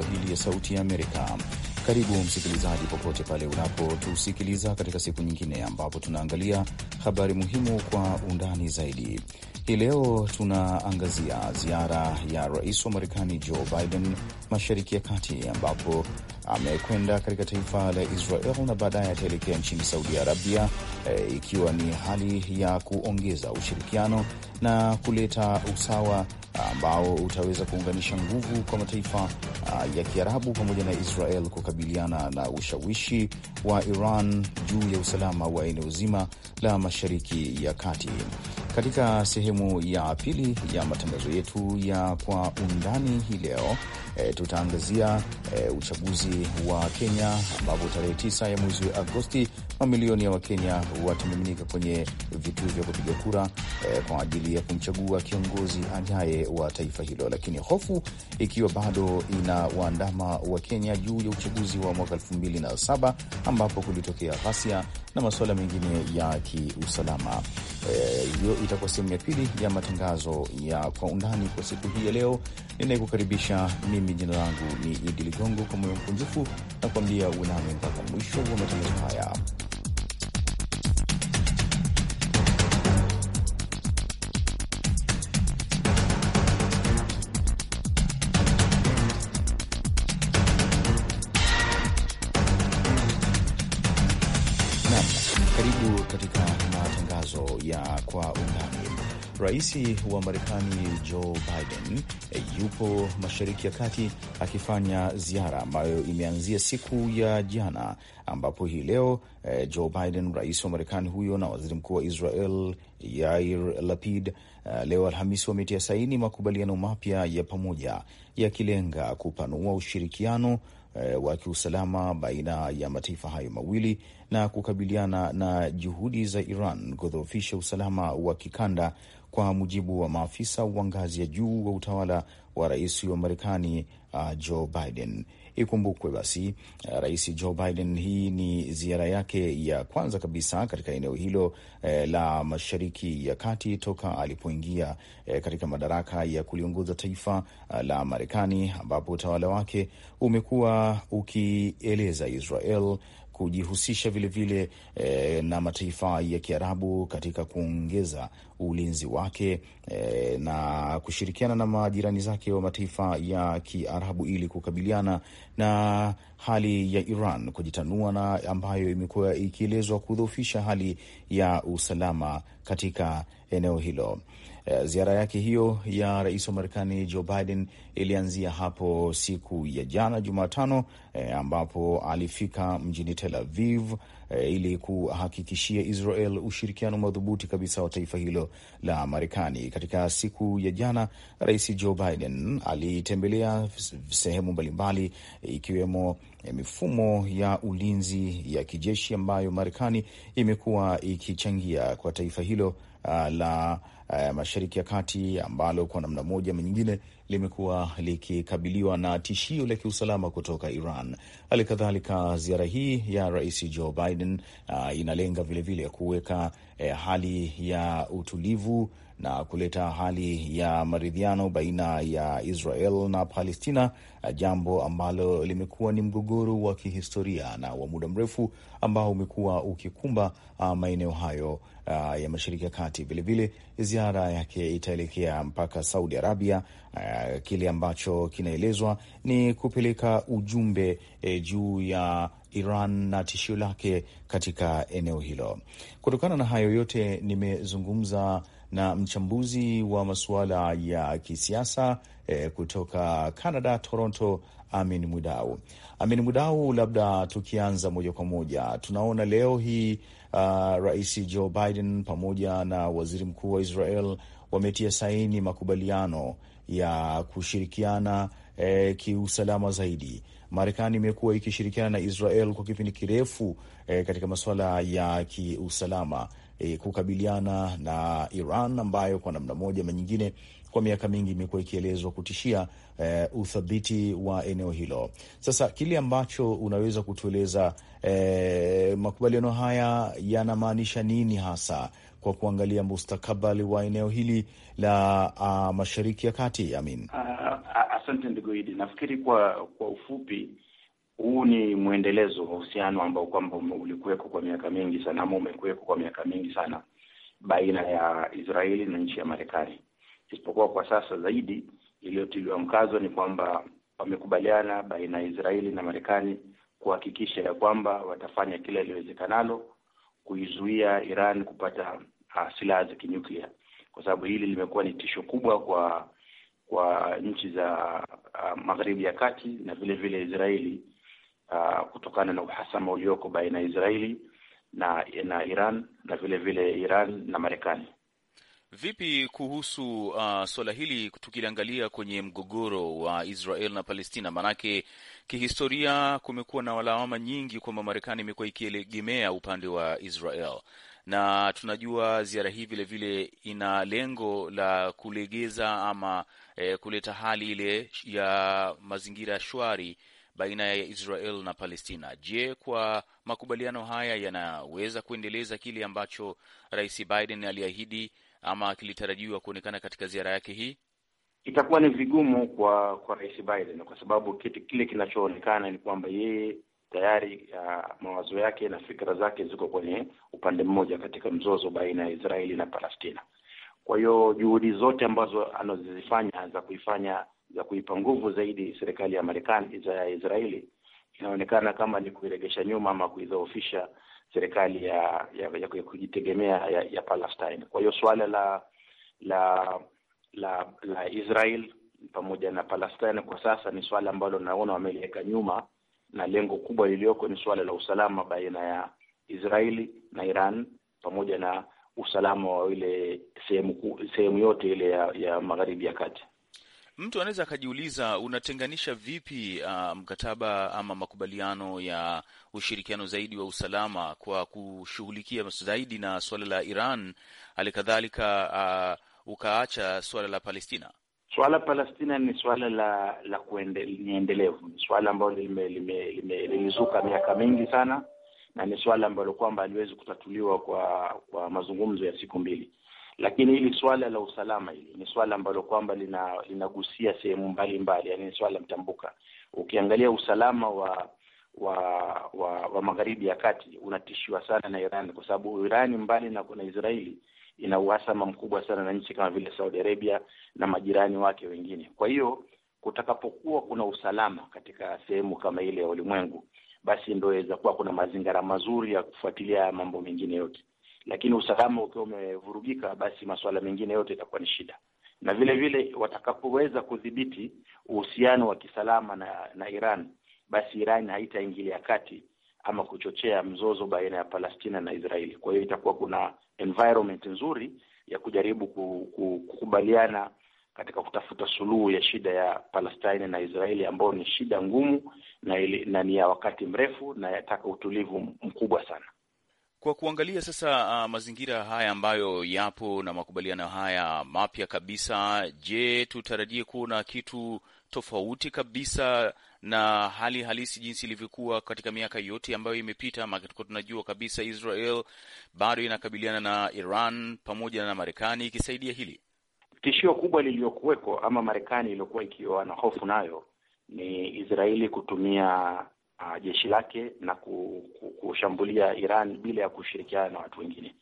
Kiswahili ya Sauti ya Amerika. Karibu msikilizaji, popote pale unapotusikiliza katika siku nyingine ambapo tunaangalia habari muhimu kwa undani zaidi. Hii leo tunaangazia ziara ya rais wa Marekani Joe Biden mashariki ya kati, ambapo amekwenda katika taifa la Israel na baadaye ataelekea nchini Saudi Arabia, e, ikiwa ni hali ya kuongeza ushirikiano na kuleta usawa ambao utaweza kuunganisha nguvu kwa mataifa ah, ya Kiarabu pamoja na Israel kukabiliana na ushawishi wa Iran juu ya usalama wa eneo zima la mashariki ya kati katika sehemu ya pili ya matangazo yetu ya kwa undani hii leo e, tutaangazia e, uchaguzi wa Kenya ambapo tarehe 9 ya mwezi Agosti mamilioni ya Wakenya watamiminika kwenye vituo vya kupiga kura eh, kwa ajili ya kumchagua kiongozi ajaye wa taifa hilo, lakini hofu ikiwa bado ina waandama wa Kenya juu ya uchaguzi wa mwaka elfu mbili na saba ambapo kulitokea ghasia na masuala mengine ya kiusalama. Eh, hiyo eh, itakuwa sehemu ya pili ya matangazo ya kwa undani kwa siku hii ya leo. Ninayekukaribisha mimi jina langu ni Idi Ligongo, kwa moyo mkunjufu na kuambia uname mpaka mwisho wa matangazo haya. Rais wa Marekani Joe Biden eh, yupo Mashariki ya Kati akifanya ziara ambayo imeanzia siku ya jana, ambapo hii leo jo eh, Joe Biden, rais wa Marekani huyo na waziri mkuu wa Israel Yair Lapid eh, leo Alhamisi wametia saini makubaliano mapya ya pamoja yakilenga kupanua ushirikiano eh, wa kiusalama baina ya mataifa hayo mawili na kukabiliana na juhudi za Iran kudhoofisha usalama wa kikanda, kwa mujibu wa maafisa wa ngazi ya juu wa utawala wa rais wa Marekani uh, Joe Biden. Ikumbukwe basi, uh, rais Joe Biden, hii ni ziara yake ya kwanza kabisa katika eneo hilo eh, la mashariki ya kati toka alipoingia eh, katika madaraka ya kuliongoza taifa uh, la Marekani, ambapo utawala wake umekuwa ukieleza Israel kujihusisha vilevile vile, eh, na mataifa ya Kiarabu katika kuongeza ulinzi wake eh, na kushirikiana na majirani zake wa mataifa ya Kiarabu ili kukabiliana na hali ya Iran kujitanua na ambayo imekuwa ikielezwa kudhoofisha hali ya usalama katika eneo hilo. Eh, ziara yake hiyo ya rais wa Marekani Joe Biden ilianzia hapo siku ya jana Jumatano, e, ambapo alifika mjini Tel Aviv e, ili kuhakikishia Israel ushirikiano madhubuti kabisa wa taifa hilo la Marekani. Katika siku ya jana, rais Joe Biden alitembelea sehemu mbalimbali ikiwemo mifumo ya ulinzi ya kijeshi ambayo Marekani imekuwa ikichangia kwa taifa hilo uh, la uh, Mashariki ya Kati ambalo kwa namna moja ama nyingine limekuwa likikabiliwa na tishio la kiusalama kutoka Iran. Hali kadhalika ziara hii ya Rais Joe Biden uh, inalenga vilevile kuweka uh, hali ya utulivu na kuleta hali ya maridhiano baina ya Israel na Palestina, jambo ambalo limekuwa ni mgogoro wa kihistoria na wa muda mrefu ambao umekuwa ukikumba ah, maeneo hayo ah, ya Mashariki ya Kati. Vilevile ziara yake itaelekea mpaka Saudi Arabia, ah, kile ambacho kinaelezwa ni kupeleka ujumbe eh, juu ya Iran na tishio lake katika eneo hilo. Kutokana na hayo yote, nimezungumza na mchambuzi wa masuala ya kisiasa e, kutoka Canada, Toronto, Amin Mwidau. Amin Mwidau, labda tukianza moja kwa moja, tunaona leo hii uh, Rais Joe Biden pamoja na waziri mkuu wa Israel wametia saini makubaliano ya kushirikiana e, kiusalama zaidi. Marekani imekuwa ikishirikiana na Israel kwa kipindi kirefu e, katika masuala ya kiusalama e, kukabiliana na Iran ambayo kwa namna moja ama nyingine kwa miaka mingi imekuwa ikielezwa kutishia e, uthabiti wa eneo hilo. Sasa kile ambacho unaweza kutueleza e, makubaliano haya yanamaanisha nini hasa kwa kuangalia mustakabali wa eneo hili la a, ah, Mashariki ya Kati. Amin, ah, ah, asante ndugu Idi. Nafikiri kwa kwa ufupi huu ni mwendelezo wa uhusiano ambao kwamba ulikuweko kwa miaka mingi sana ama umekuweko kwa miaka mingi sana baina ya Israeli na nchi ya Marekani, isipokuwa kwa sasa zaidi iliyotiliwa mkazo ni kwamba wamekubaliana baina ya Israeli na Marekani kuhakikisha ya kwamba watafanya kila iliyowezekanalo kuizuia Iran kupata uh, silaha za kinyuklia, kwa sababu hili limekuwa ni tisho kubwa kwa kwa nchi za uh, Magharibi ya Kati na vile vile Israeli Uh, kutokana na uhasama ulioko baina ya Israeli na na Iran na vile vile Iran na Marekani. Vipi kuhusu uh, suala hili tukiliangalia kwenye mgogoro wa Israel na Palestina? Maanake kihistoria kumekuwa na lawama nyingi kwamba Marekani imekuwa ikiegemea upande wa Israel, na tunajua ziara hii vilevile ina lengo la kulegeza ama eh, kuleta hali ile ya mazingira shwari baina ya Israel na Palestina. Je, kwa makubaliano haya yanaweza kuendeleza kile ambacho Rais Biden aliahidi ama kilitarajiwa kuonekana katika ziara yake hii? Itakuwa ni vigumu kwa kwa Rais Biden kwa sababu kiti kile kinachoonekana ni kwamba yeye tayari ya mawazo yake na fikra zake ziko kwenye upande mmoja katika mzozo baina ya Israeli na Palestina. Kwa hiyo juhudi zote ambazo anazozifanya za kuifanya za kuipa nguvu zaidi serikali ya Marekani ya Israeli inaonekana kama ni kuiregesha nyuma ama kuidhoofisha serikali ya ya, ya kujitegemea ya, ya Palestine. Kwa hiyo suala la la la la Israel pamoja na Palestine kwa sasa ni suala ambalo naona wameliweka nyuma, na lengo kubwa lilioko ni suala la usalama baina ya Israeli na Iran pamoja na usalama wa ile sehemu sehemu yote ile ya, ya magharibi ya kati. Mtu anaweza akajiuliza unatenganisha vipi uh, mkataba ama makubaliano ya ushirikiano zaidi wa usalama kwa kushughulikia zaidi na suala la Iran, hali kadhalika uh, ukaacha suala la Palestina. Suala Palestina ni suala la la ni endelevu, ni suala ambalo lilizuka lime, lime, lime, miaka mingi sana, na ni suala ambalo kwamba haliwezi kutatuliwa kwa kwa mazungumzo ya siku mbili. Lakini hili swala la usalama hili ni swala ambalo kwamba lina linagusia sehemu mbalimbali, yani ni swala mtambuka. Ukiangalia usalama wa wa wa, wa magharibi ya kati unatishiwa sana na Iran kwa sababu Iran mbali na kuna Israeli ina uhasama mkubwa sana na nchi kama vile Saudi Arabia na majirani wake wengine. Kwa hiyo kutakapokuwa kuna usalama katika sehemu kama ile ya ulimwengu, basi ndio inaweza kuwa kuna mazingira mazuri ya kufuatilia mambo mengine yote lakini usalama ukiwa umevurugika, basi masuala mengine yote itakuwa ni shida. Na vile vile watakapoweza kudhibiti uhusiano wa kisalama na, na Iran, basi Iran haitaingilia kati ama kuchochea mzozo baina ya Palestina na Israeli. Kwa hiyo itakuwa kuna environment nzuri ya kujaribu kukubaliana katika kutafuta suluhu ya shida ya Palestina na Israeli ambayo ni shida ngumu na, ili, na ni ya wakati mrefu na yataka utulivu mkubwa sana. Kwa kuangalia sasa uh, mazingira haya ambayo yapo na makubaliano haya mapya kabisa, je, tutarajie kuona kitu tofauti kabisa na hali halisi jinsi ilivyokuwa katika miaka yote ambayo imepita? Maana tulikuwa tunajua kabisa Israel bado inakabiliana na Iran pamoja na Marekani ikisaidia hili tishio kubwa liliyokuwekwa ama Marekani iliyokuwa ikiwa na hofu nayo ni Israeli kutumia uh, jeshi lake na kushambulia Iran bila ya kushirikiana na watu wengine.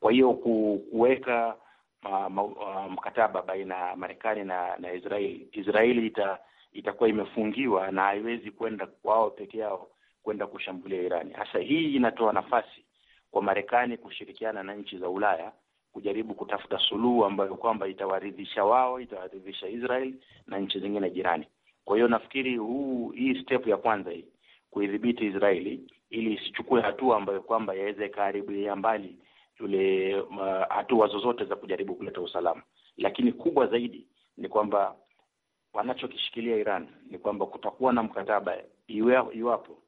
Kwa hiyo kuweka uh, uh, mkataba baina ya Marekani na na Israeli, Israeli ita, itakuwa imefungiwa na haiwezi kwenda wao peke yao kwenda kushambulia Irani. Hasa hii inatoa nafasi kwa Marekani kushirikiana na nchi za Ulaya kujaribu kutafuta suluhu ambayo kwamba itawaridhisha wao, itawaridhisha Israel na nchi zingine jirani. Kwa hiyo nafikiri huu hii step ya kwanza hii kuidhibiti Israeli ili isichukue hatua ambayo kwamba yaweze karibilia mbali yule uh, hatua zozote za kujaribu kuleta usalama. Lakini kubwa zaidi ni kwamba wanachokishikilia Iran ni kwamba kutakuwa na mkataba iwapo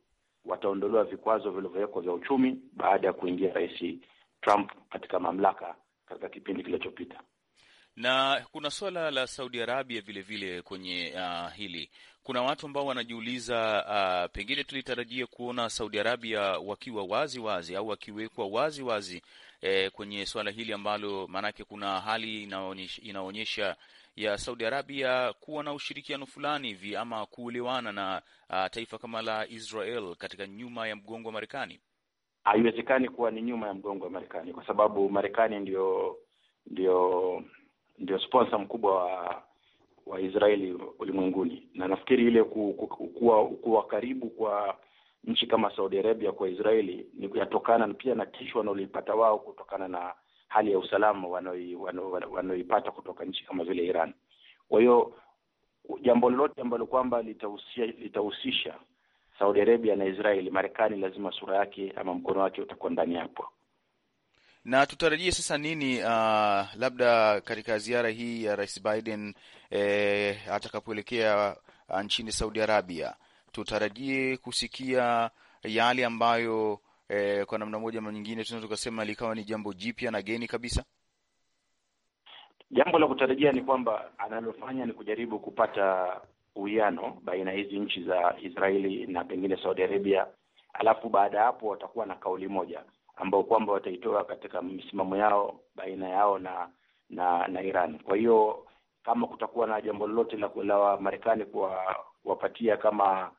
wataondolewa vikwazo vilivyowekwa vya uchumi baada ya kuingia Rais Trump katika mamlaka katika kipindi kilichopita. Na kuna suala la Saudi Arabia vilevile vile kwenye uh, hili kuna watu ambao wanajiuliza uh, pengine tulitarajia kuona Saudi Arabia wakiwa wazi wazi au wakiwekwa wazi wazi eh, kwenye suala hili ambalo maanake kuna hali inaonyesha, inaonyesha ya Saudi Arabia kuwa na ushirikiano fulani hivi ama kuelewana na uh, taifa kama la Israel katika nyuma ya mgongo wa Marekani. Haiwezekani kuwa ni nyuma ya mgongo wa Marekani kwa sababu Marekani ndio ndio ndio sponsor mkubwa wa wa Israeli ulimwenguni, na nafikiri ile ku, ku, ku, kuwa, kuwa karibu kwa nchi kama Saudi Arabia kwa Israeli ni kuyatokana pia na tisho wanaolipata wao kutokana na hali ya usalama wanaoipata kutoka nchi kama vile Iran. Kwa hiyo jambo lolote ambalo kwamba litahusisha litahusisha Saudi Arabia na Israeli, Marekani lazima sura yake ama mkono wake utakuwa ndani hapo na tutarajie sasa nini, uh, labda katika ziara hii ya Rais Biden eh, atakapoelekea uh, nchini Saudi Arabia, tutarajie kusikia yale ambayo eh, kwa namna moja ama nyingine tunaweza tukasema likawa ni jambo jipya na geni kabisa. Jambo la kutarajia ni kwamba analofanya ni kujaribu kupata uwiano baina ya hizi nchi za Israeli na pengine Saudi Arabia, alafu baada ya hapo watakuwa na kauli moja ambao kwamba wataitoa katika misimamo yao baina yao na na na Iran. Kwa hiyo kama kutakuwa na jambo lolote la, la Marekani kuwapatia kama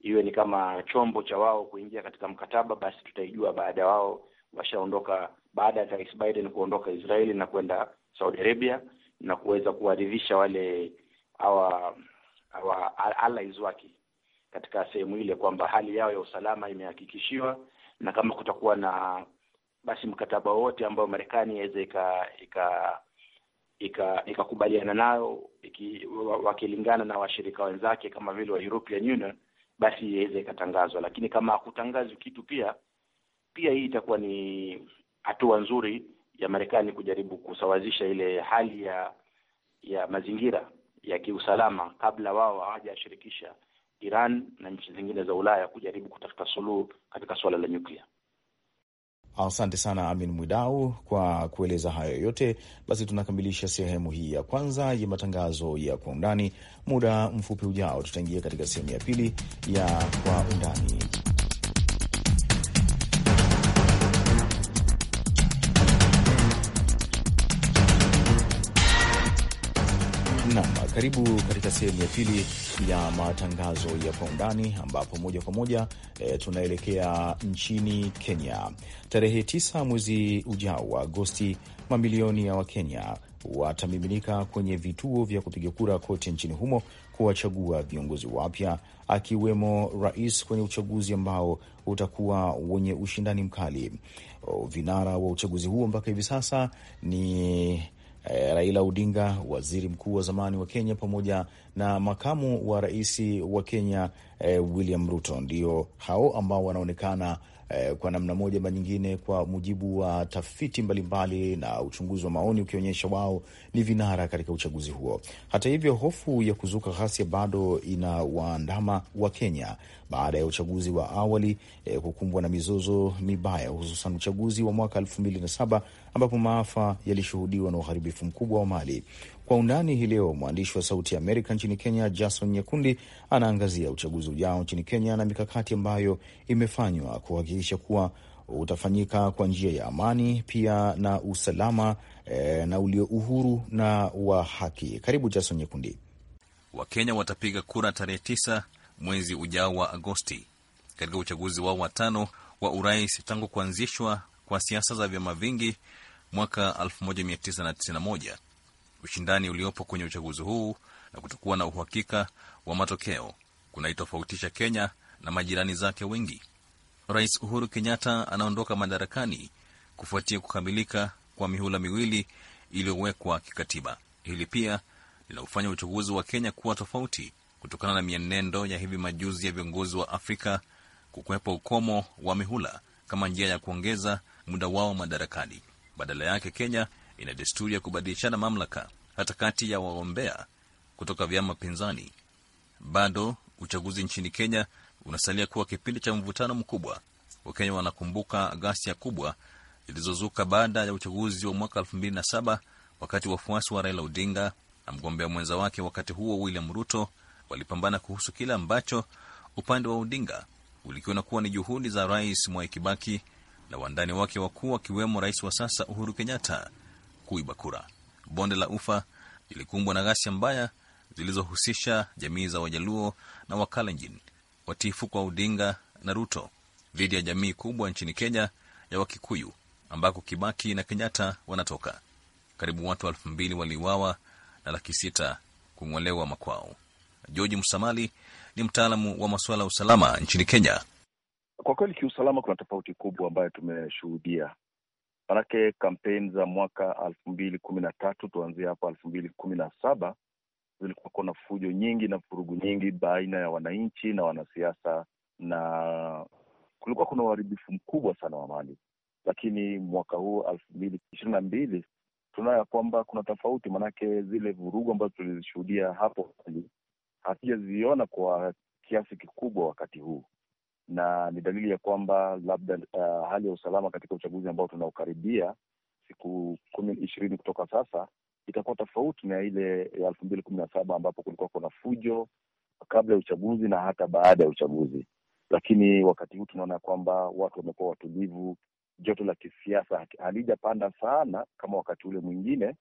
iwe ni kama chombo cha wao kuingia katika mkataba, basi tutaijua baada ya wao washaondoka, baada ya Rais Biden kuondoka Israeli na kwenda Saudi Arabia na kuweza kuwaridhisha wale hawa allies wake katika sehemu ile kwamba hali yao ya usalama imehakikishiwa, na kama kutakuwa na basi mkataba wote ambao Marekani iweze ika ika ikakubaliana ika nayo iki, wakilingana na washirika wenzake kama vile wa European Union, basi iweze ikatangazwa. Lakini kama hakutangazwi kitu, pia pia hii itakuwa ni hatua nzuri ya Marekani kujaribu kusawazisha ile hali ya ya mazingira ya kiusalama kabla wao hawajashirikisha Iran na nchi zingine za Ulaya kujaribu kutafuta suluhu katika suala la nyuklia. Asante sana Amin Mwidau kwa kueleza hayo yote. Basi tunakamilisha sehemu hii ya kwanza ya matangazo ya kwa undani. Muda mfupi ujao, tutaingia katika sehemu ya pili ya kwa undani. Nam, karibu katika sehemu ya pili ya matangazo ya kwa undani, ambapo moja kwa moja e, tunaelekea nchini Kenya. Tarehe tisa mwezi ujao wa Agosti, mamilioni ya Wakenya watamiminika kwenye vituo vya kupiga kura kote nchini humo kuwachagua viongozi wapya akiwemo rais kwenye uchaguzi ambao utakuwa wenye ushindani mkali. Oh, vinara wa uchaguzi huo mpaka hivi sasa ni eh, Raila Odinga, waziri mkuu wa zamani wa Kenya, pamoja na makamu wa rais wa Kenya eh, William Ruto, ndio hao ambao wanaonekana eh, kwa namna moja ama nyingine, kwa mujibu wa tafiti mbalimbali na uchunguzi wa maoni ukionyesha wao ni vinara katika uchaguzi huo. Hata hivyo, hofu ya kuzuka ghasia bado ina waandama wa Kenya baada ya uchaguzi wa awali eh, kukumbwa na mizozo mibaya, hususan uchaguzi wa mwaka elfu mbili na saba ambapo maafa yalishuhudiwa na uharibifu mkubwa wa mali. Kwa undani hii leo, mwandishi wa Sauti ya Amerika nchini Kenya, Jason Nyekundi, anaangazia uchaguzi ujao nchini Kenya na mikakati ambayo imefanywa kuhakikisha kuwa utafanyika kwa njia ya amani pia na usalama e, na ulio uhuru na wa haki. Karibu Jason Nyekundi. Wakenya watapiga kura tarehe tisa mwezi ujao wa Agosti katika uchaguzi wao watano wa urais tangu kuanzishwa kwa siasa za vyama vingi mwaka 1991 ushindani uliopo kwenye uchaguzi huu na kutokuwa na uhakika wa matokeo kunaitofautisha Kenya na majirani zake wengi. Rais Uhuru Kenyatta anaondoka madarakani kufuatia kukamilika kwa mihula miwili iliyowekwa kikatiba. Hili pia linaufanya uchaguzi wa Kenya kuwa tofauti kutokana na mienendo ya hivi majuzi ya viongozi wa Afrika kukwepa ukomo wa mihula kama njia ya kuongeza muda wao madarakani. Badala yake, Kenya ina desturi ya kubadilishana mamlaka hata kati ya wagombea kutoka vyama pinzani. Bado uchaguzi nchini Kenya unasalia kuwa kipindi cha mvutano mkubwa. Wakenya wanakumbuka ghasia kubwa zilizozuka baada ya uchaguzi wa mwaka 2007 wakati wafuasi wa Raila Odinga na mgombea mwenza wake wakati huo William Ruto walipambana kuhusu kile ambacho upande wa Odinga ulikiona kuwa ni juhudi za Rais Mwai Kibaki na wandani wake wakuu wakiwemo rais wa sasa Uhuru Kenyatta kuiba kura. Bonde la Ufa lilikumbwa na ghasia mbaya zilizohusisha jamii za Wajaluo na Wakalenjin watifu kwa Odinga na Ruto dhidi ya jamii kubwa nchini Kenya ya Wakikuyu ambako Kibaki na Kenyatta wanatoka. Karibu watu elfu mbili waliuawa na laki sita kung'olewa makwao. George Msamali ni mtaalamu wa masuala ya usalama nchini Kenya kweli kiusalama kuna tofauti kubwa ambayo tumeshuhudia, manake kampeni za mwaka elfu mbili kumi na tatu tuanzia hapo elfu mbili kumi na saba zilikuwa kuna fujo nyingi na vurugu nyingi baina ya wananchi na wanasiasa, na kulikuwa kuna uharibifu mkubwa sana wa mali. Lakini mwaka huu elfu mbili ishirini na mbili tunaona kwamba kuna tofauti, manake zile vurugu ambazo tulizishuhudia hapo hatujaziona kwa kiasi kikubwa wakati huu na ni dalili ya kwamba labda uh, hali ya usalama katika uchaguzi ambao tunaokaribia siku kumi ishirini kutoka sasa itakuwa tofauti na ile ya elfu mbili kumi na saba ambapo kulikuwa kuna fujo kabla ya uchaguzi na hata baada ya uchaguzi. Lakini wakati huu tunaona kwamba watu wamekuwa watulivu, joto la kisiasa halijapanda sana kama wakati ule mwingine,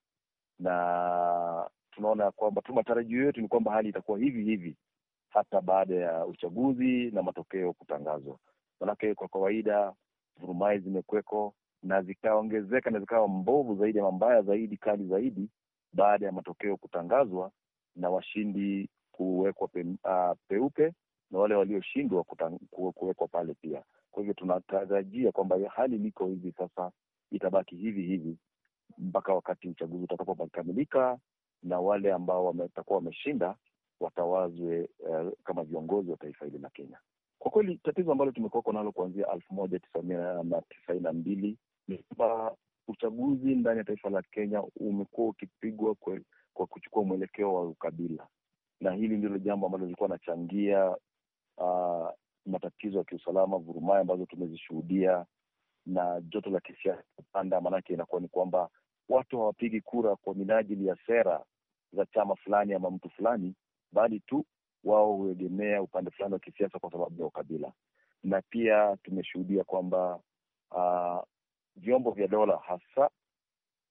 na tunaona kwamba tu matarajio yetu ni kwamba hali itakuwa hivi hivi hata baada ya uchaguzi na matokeo kutangazwa. Manake kwa kawaida vurumai zimekweko na zikaongezeka na zikawa mbovu zaidi ama mbaya zaidi, kali zaidi, baada ya matokeo kutangazwa na washindi kuwekwa pe, uh, peupe na wale walioshindwa kuwekwa pale pia. Kwa hivyo tunatarajia kwamba hali liko hivi sasa itabaki hivi hivi mpaka wakati uchaguzi utakapokamilika na wale ambao wametakuwa wameshinda watawazwe uh, kama viongozi wa taifa hili la Kenya. Kwa kweli tatizo ambalo tumekuwako nalo kuanzia elfu moja tisa mia na tisaini na mbili ni kwamba uchaguzi ndani ya taifa la Kenya umekuwa ukipigwa kwa, kwa kuchukua mwelekeo wa ukabila, na hili ndilo jambo ambalo lilikuwa nachangia uh, ah, matatizo ya kiusalama, vurumai ambazo tumezishuhudia na joto la kisiasa kupanda. Maanake inakuwa ni kwamba watu hawapigi kura kwa minajili ya sera za chama fulani ama mtu fulani, bali tu wao huegemea upande fulani wa kisiasa kwa sababu ya ukabila. Na pia tumeshuhudia kwamba uh, vyombo vya dola hasa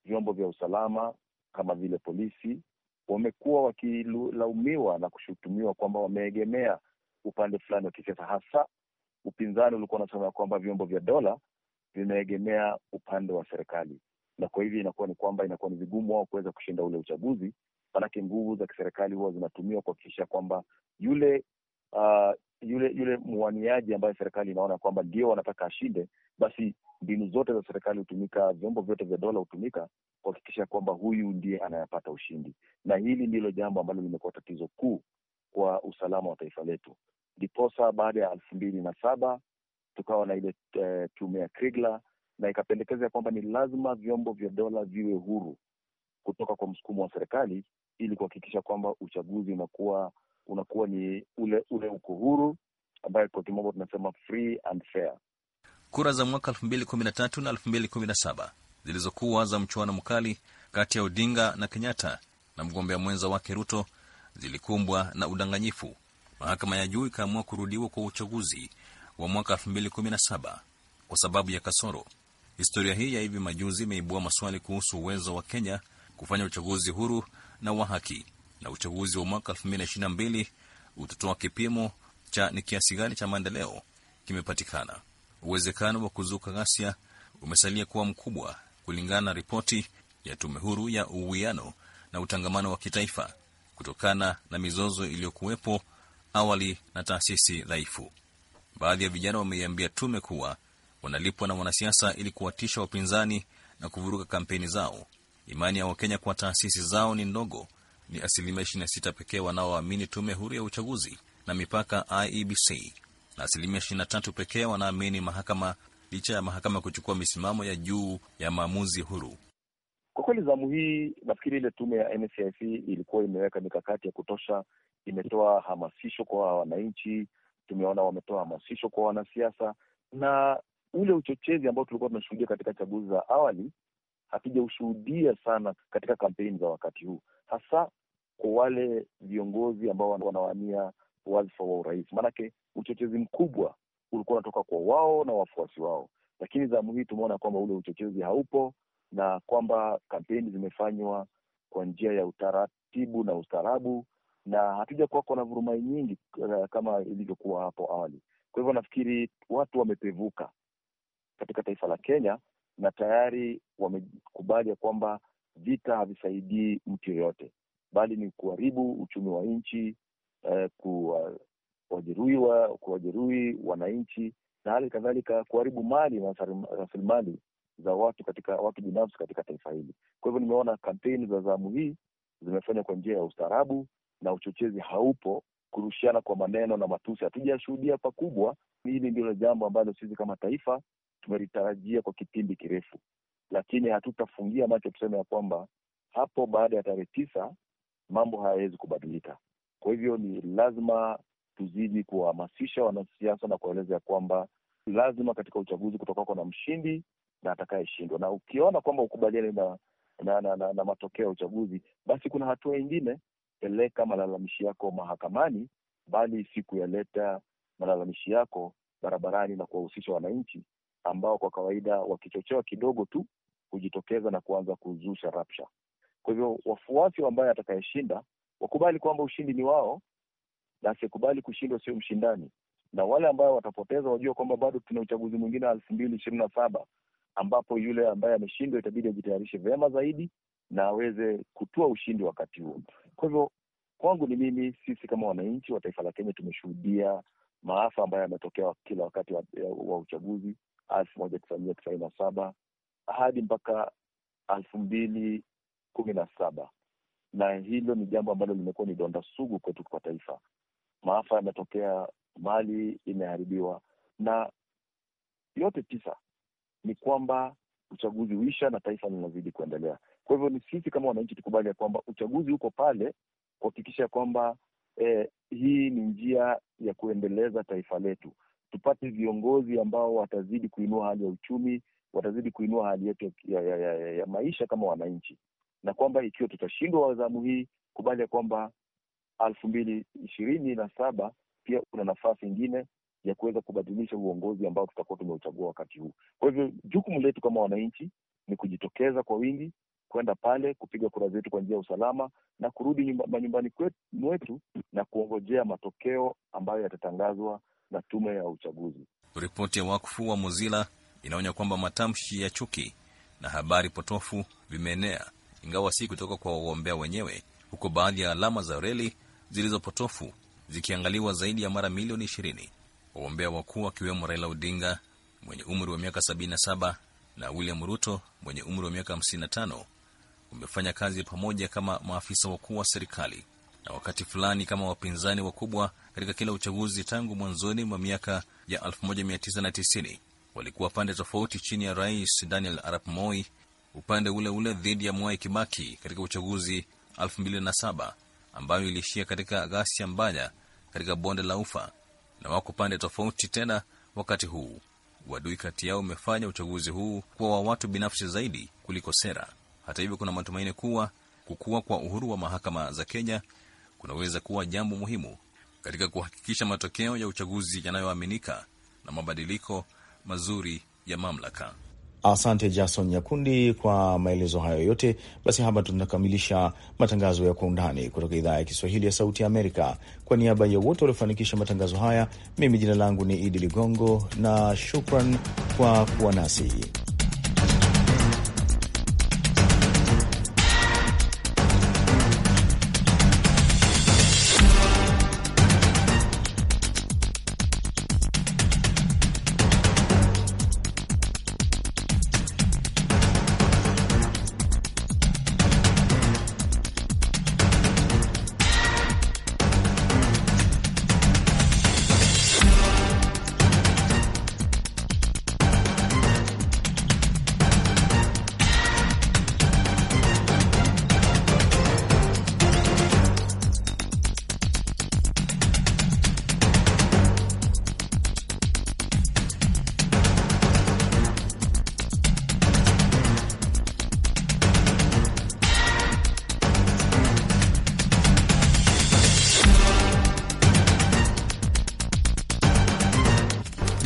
vyombo vya usalama kama vile polisi wamekuwa wakilaumiwa na kushutumiwa kwamba wameegemea upande fulani wa kisiasa. Hasa upinzani ulikuwa unasema kwamba vyombo vya dola vimeegemea upande wa serikali, na kwa hivyo inakuwa ni kwamba inakuwa ni vigumu wao kuweza kushinda ule uchaguzi, maanake nguvu za kiserikali huwa zinatumiwa kuhakikisha kwamba yule uh, yule yule mwaniaji ambaye serikali inaona kwamba ndio wanataka ashinde, basi mbinu zote za serikali hutumika, vyombo vyote vya dola hutumika kuhakikisha kwamba huyu ndiye anayepata ushindi, na hili ndilo jambo ambalo limekuwa tatizo kuu kwa usalama wa taifa letu, ndiposa baada ya elfu mbili na saba tukawa na ile e, tume ya Krigla na ikapendekeza kwamba ni lazima vyombo vya dola viwe huru kutoka kwa msukumo wa serikali ili kuhakikisha kwamba uchaguzi unakuwa unakuwa ni ule ule uko huru, ambayo kwa kimombo tunasema free and fair. Kura za mwaka elfu mbili kumi na tatu na elfu mbili kumi na saba zilizokuwa za mchuano mkali kati ya Odinga na Kenyatta na mgombea mwenza wake Ruto zilikumbwa na udanganyifu. Mahakama ya juu ikaamua kurudiwa kwa uchaguzi wa mwaka saba kwa sababu ya kasoro. Historia hii ya hivi majuzi imeibua maswali kuhusu uwezo wa Kenya kufanya uchaguzi huru na wa haki, na uchaguzi wa mwaka 2022 utatoa kipimo cha ni kiasi gani cha maendeleo kimepatikana. Uwezekano wa kuzuka ghasia umesalia kuwa mkubwa kulingana na ripoti ya Tume Huru ya Uwiano na Utangamano wa Kitaifa, kutokana na mizozo iliyokuwepo awali na taasisi dhaifu. Baadhi ya vijana wameiambia tume kuwa wanalipwa na wanasiasa ili kuwatisha wapinzani na kuvuruga kampeni zao. Imani ya Wakenya kwa taasisi zao ni ndogo, ni asilimia 26 pekee wanaoamini tume huru ya uchaguzi na mipaka IEBC na asilimia 23 pekee wanaamini mahakama, licha ya mahakama kuchukua misimamo ya juu ya maamuzi huru. Kwa kweli zamu hii nafikiri ile tume ya NCIC ilikuwa imeweka mikakati ya kutosha, imetoa hamasisho kwa wananchi, tumeona wametoa hamasisho kwa wanasiasa, na ule uchochezi ambao tulikuwa tunashuhudia katika chaguzi za awali hatujaushuhudia sana katika kampeni za wakati huu, hasa kwa wale viongozi ambao wanawania wadhifa wa urais. Maanake uchochezi mkubwa ulikuwa unatoka kwa wao na wafuasi wao, lakini zamu hii tumeona kwamba ule uchochezi haupo na kwamba kampeni zimefanywa kwa njia ya utaratibu na ustaarabu, na hatuja kuwako na vurumai nyingi eh, kama ilivyokuwa hapo awali. Kwa hivyo nafikiri watu wamepevuka katika taifa la Kenya na tayari wamekubali ya kwamba vita havisaidii mtu yoyote, bali ni kuharibu uchumi wa nchi eh, kuwajeruhi wa, kuwajeruhi wananchi na hali kadhalika kuharibu mali na rasilimali za watu katika watu binafsi katika taifa hili. Kwa hivyo nimeona kampeni za zamu hii zimefanywa kwa njia ya ustaarabu na uchochezi haupo, kurushiana kwa maneno na matusi hatujashuhudia pakubwa. Hili ndilo jambo ambalo sisi kama taifa tumelitarajia kwa kipindi kirefu, lakini hatutafungia macho tuseme ya kwamba hapo baada ya tarehe tisa mambo hayawezi kubadilika. Kwa hivyo ni lazima tuzidi kuwahamasisha wanasiasa na kueleza ya kwamba lazima katika uchaguzi kutokako na mshindi na atakayeshindwa, na ukiona kwamba ukubaliani na na, na, na, na matokeo ya uchaguzi, basi kuna hatua ingine, peleka malalamishi yako mahakamani, bali si kuyaleta malalamishi yako barabarani na kuwahusisha wananchi ambao kwa kawaida wakichochewa kidogo tu hujitokeza na kuanza kuzusha rapsha. Kwa hivyo wafuasi ambaye atakayeshinda wakubali kwamba ushindi ni wao, na asikubali kushindwa sio mshindani, na wale ambao watapoteza wajua kwamba bado tuna uchaguzi mwingine wa elfu mbili ishirini na saba ambapo yule ambaye ameshindwa itabidi ajitayarishe vyema zaidi na aweze kutua ushindi wakati huo. Kwa hivyo kwangu ni mimi, sisi kama wananchi wa taifa la Kenya tumeshuhudia maafa ambayo yametokea kila wakati wa, wa uchaguzi elfu moja tisa mia tisaini na saba hadi mpaka elfu mbili kumi na saba na hilo ni jambo ambalo limekuwa ni donda sugu kwetu kwa taifa. Maafa yametokea, mali imeharibiwa, na yote tisa ni kwamba uchaguzi uisha na taifa linazidi kuendelea. Kwa hivyo ni sisi kama wananchi tukubali ya kwamba uchaguzi uko pale kuhakikisha kwamba eh, hii ni njia ya kuendeleza taifa letu, tupate viongozi ambao watazidi kuinua hali ya uchumi, watazidi kuinua hali yetu ya, ya, ya, ya maisha kama wananchi, na kwamba ikiwa tutashindwa wazamu hii, kubali ya kwamba elfu mbili ishirini na saba pia kuna nafasi ingine ya kuweza kubadilisha uongozi ambao tutakuwa tumeuchagua wakati huu. Kwa hivyo jukumu letu kama wananchi ni kujitokeza kwa wingi kwenda pale kupiga kura zetu kwa njia ya usalama na kurudi nyumba, manyumbani mwetu na kuongojea matokeo ambayo yatatangazwa na tume ya uchaguzi. Ripoti ya wakfu wa Mozilla inaonya kwamba matamshi ya chuki na habari potofu vimeenea, ingawa si kutoka kwa wagombea wenyewe, huko baadhi ya alama za reli zilizopotofu zikiangaliwa zaidi ya mara milioni ishirini. Wagombea wakuu wakiwemo Raila Odinga mwenye umri wa miaka 77 na William Ruto mwenye umri wa miaka 55 wamefanya kazi pamoja kama maafisa wakuu wa serikali na wakati fulani kama wapinzani wakubwa katika kila uchaguzi tangu mwanzoni mwa miaka ya 1990 walikuwa pande tofauti chini ya Rais Daniel Arap Moi, upande ule ule dhidi ya Mwai Kibaki katika uchaguzi 2007 ambayo iliishia katika ghasia mbaya katika bonde la Ufa, na wako pande tofauti tena wakati huu. Uadui kati yao umefanya uchaguzi huu kuwa wa watu binafsi zaidi kuliko sera. Hata hivyo, kuna matumaini kuwa kukua kwa uhuru wa mahakama za Kenya kunaweza kuwa jambo muhimu katika kuhakikisha matokeo ya uchaguzi yanayoaminika na mabadiliko mazuri ya mamlaka. Asante Jason Nyakundi kwa maelezo hayo yote. Basi hapa tunakamilisha matangazo ya Kwa Undani kutoka idhaa ya Kiswahili ya Sauti ya Amerika. Kwa niaba ya wote waliofanikisha matangazo haya, mimi jina langu ni Idi Ligongo na shukran kwa kuwa nasi.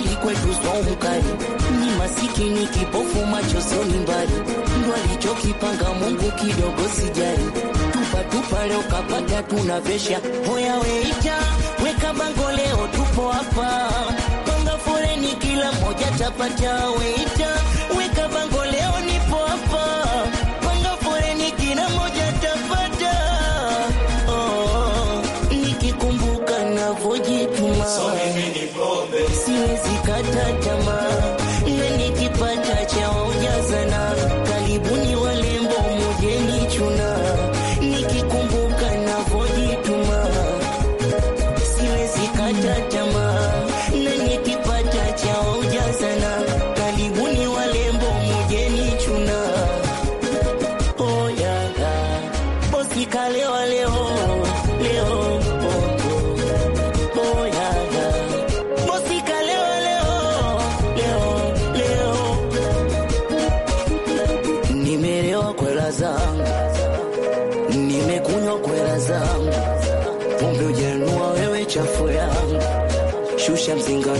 mbali kwetu swamu ukali ni masikini kipofu macho soni mbali, ndo alichokipanga Mungu kidogo sijali, tupa tupa leo kapata vesha hoya weita weka bango leo tupo hapa, tonga foreni kila moja tapata weita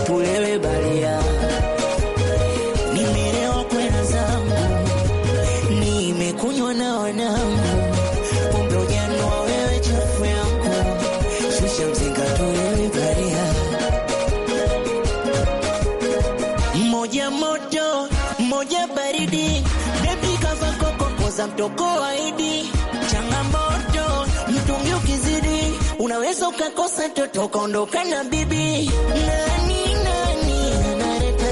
utolewe Nimelewa nimekunywa na wanangu, chafu yangu, Mmoja moto, mmoja baridi, bebi mtoko waidi, changamoto mtungi ukizidi unaweza ukakosa toto ukaondoka na bibi na